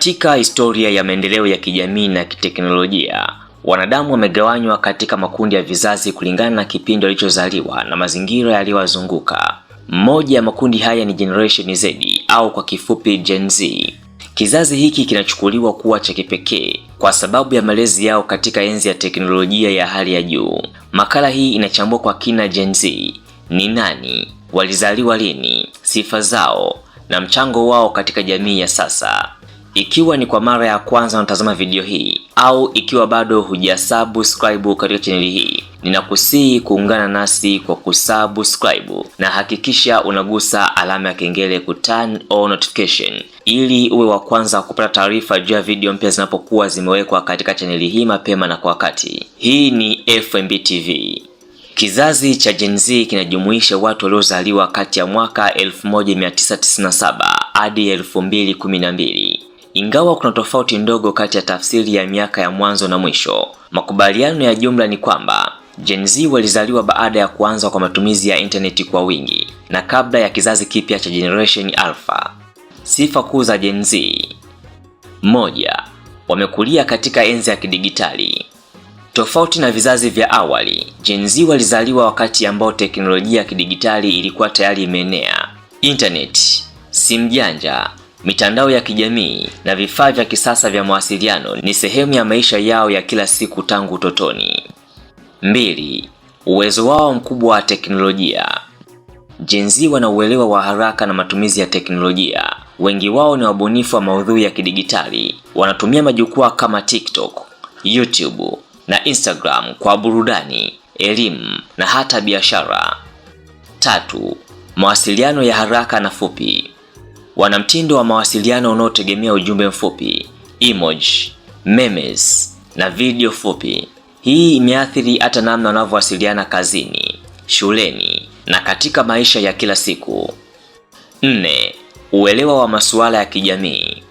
Katika historia ya maendeleo ya kijamii na kiteknolojia, wanadamu wamegawanywa katika makundi ya vizazi kulingana na kipindi walichozaliwa na mazingira yaliyowazunguka. Mmoja ya makundi haya ni Generation Z au kwa kifupi Gen Z. Kizazi hiki kinachukuliwa kuwa cha kipekee kwa sababu ya malezi yao katika enzi ya teknolojia ya hali ya juu. Makala hii inachambua kwa kina Gen Z ni nani, walizaliwa lini, sifa zao na mchango wao katika jamii ya sasa. Ikiwa ni kwa mara ya kwanza unatazama video hii au ikiwa bado hujasubscribe katika chaneli hii, ninakusihi kuungana nasi kwa kusubscribe na hakikisha unagusa alama ya kengele ku turn on notification ili uwe wa kwanza kupata taarifa juu ya video mpya zinapokuwa zimewekwa katika chaneli hii mapema na kwa wakati. Hii ni FMB TV. Kizazi cha Gen Z kinajumuisha watu waliozaliwa kati ya mwaka 1997 hadi 2012. Ingawa kuna tofauti ndogo kati ya tafsiri ya miaka ya mwanzo na mwisho, makubaliano ya jumla ni kwamba Gen Z walizaliwa baada ya kuanza kwa matumizi ya intaneti kwa wingi na kabla ya kizazi kipya cha Generation Alpha. Sifa kuu za Gen Z: moja, wamekulia katika enzi ya kidigitali. Tofauti na vizazi vya awali, Gen Z walizaliwa wakati ambao teknolojia ya kidigitali ilikuwa tayari imeenea: internet, simu janja, Mitandao ya kijamii na vifaa vya kisasa vya mawasiliano ni sehemu ya maisha yao ya kila siku tangu utotoni. Mbili, uwezo wao mkubwa wa teknolojia. Gen Z wana uelewa wa haraka na matumizi ya teknolojia. Wengi wao ni wabunifu wa maudhui ya kidigitali, wanatumia majukwaa kama TikTok, YouTube na Instagram kwa burudani, elimu na hata biashara. Tatu, mawasiliano ya haraka na fupi wana mtindo wa mawasiliano unaotegemea ujumbe mfupi, emoji, memes na video fupi. Hii imeathiri hata namna wanavyowasiliana kazini, shuleni na katika maisha ya kila siku. Nne, uelewa wa masuala ya kijamii.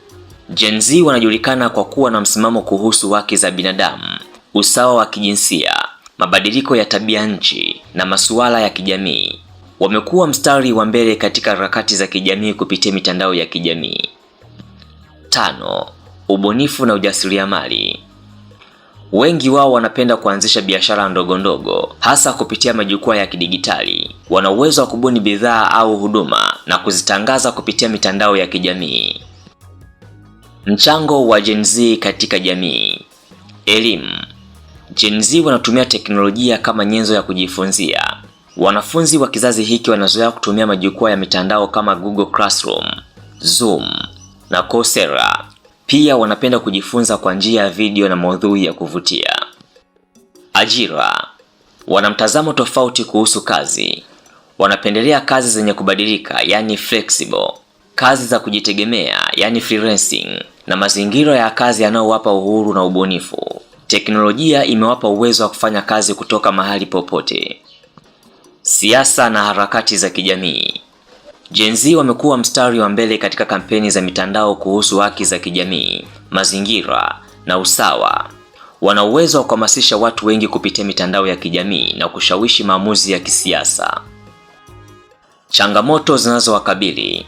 Gen Z wanajulikana kwa kuwa na msimamo kuhusu haki za binadamu, usawa wa kijinsia, mabadiliko ya tabia nchi na masuala ya kijamii wamekuwa mstari wa mbele katika harakati za kijamii kupitia mitandao ya kijamii. Tano, ubunifu na ujasiriamali. Wengi wao wanapenda kuanzisha biashara ndogo ndogo, hasa kupitia majukwaa ya kidigitali. Wana uwezo wa kubuni bidhaa au huduma na kuzitangaza kupitia mitandao ya kijamii. Mchango wa Gen Z katika jamii. Elimu. Gen Z wanatumia teknolojia kama nyenzo ya kujifunzia Wanafunzi wa kizazi hiki wanazoea kutumia majukwaa ya mitandao kama Google Classroom, Zoom na Coursera. Pia wanapenda kujifunza kwa njia ya video na maudhui ya kuvutia. Ajira. Wana mtazamo tofauti kuhusu kazi. Wanapendelea kazi zenye kubadilika, yani flexible, kazi za kujitegemea, yani freelancing, na mazingira ya kazi yanayowapa uhuru na ubunifu. Teknolojia imewapa uwezo wa kufanya kazi kutoka mahali popote siasa na harakati za kijamii. Gen Z wamekuwa mstari wa mbele katika kampeni za mitandao kuhusu haki za kijamii, mazingira na usawa. Wana uwezo wa kuhamasisha watu wengi kupitia mitandao ya kijamii na kushawishi maamuzi ya kisiasa. Changamoto zinazowakabili: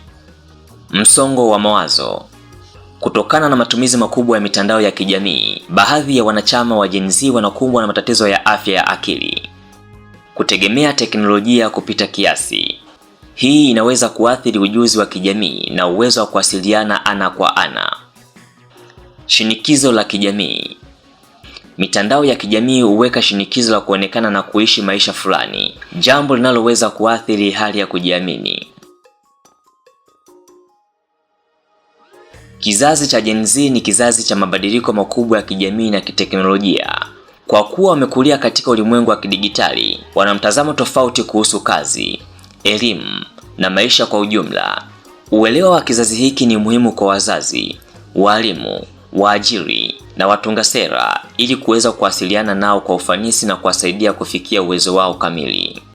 msongo wa mawazo. Kutokana na matumizi makubwa ya mitandao ya kijamii, baadhi ya wanachama wa Gen Z wanakumbwa na matatizo ya afya ya akili kutegemea teknolojia kupita kiasi. Hii inaweza kuathiri ujuzi wa kijamii na uwezo wa kuwasiliana ana kwa ana. Shinikizo la kijamii. Mitandao ya kijamii huweka shinikizo la kuonekana na kuishi maisha fulani, jambo linaloweza kuathiri hali ya kujiamini. Kizazi cha Gen Z ni kizazi cha mabadiliko makubwa ya kijamii na kiteknolojia kwa kuwa wamekulia katika ulimwengu wa kidigitali, wana mtazamo tofauti kuhusu kazi, elimu na maisha kwa ujumla. Uelewa wa kizazi hiki ni muhimu kwa wazazi, walimu, waajiri na watunga sera ili kuweza kuwasiliana nao kwa ufanisi na kuwasaidia kufikia uwezo wao kamili.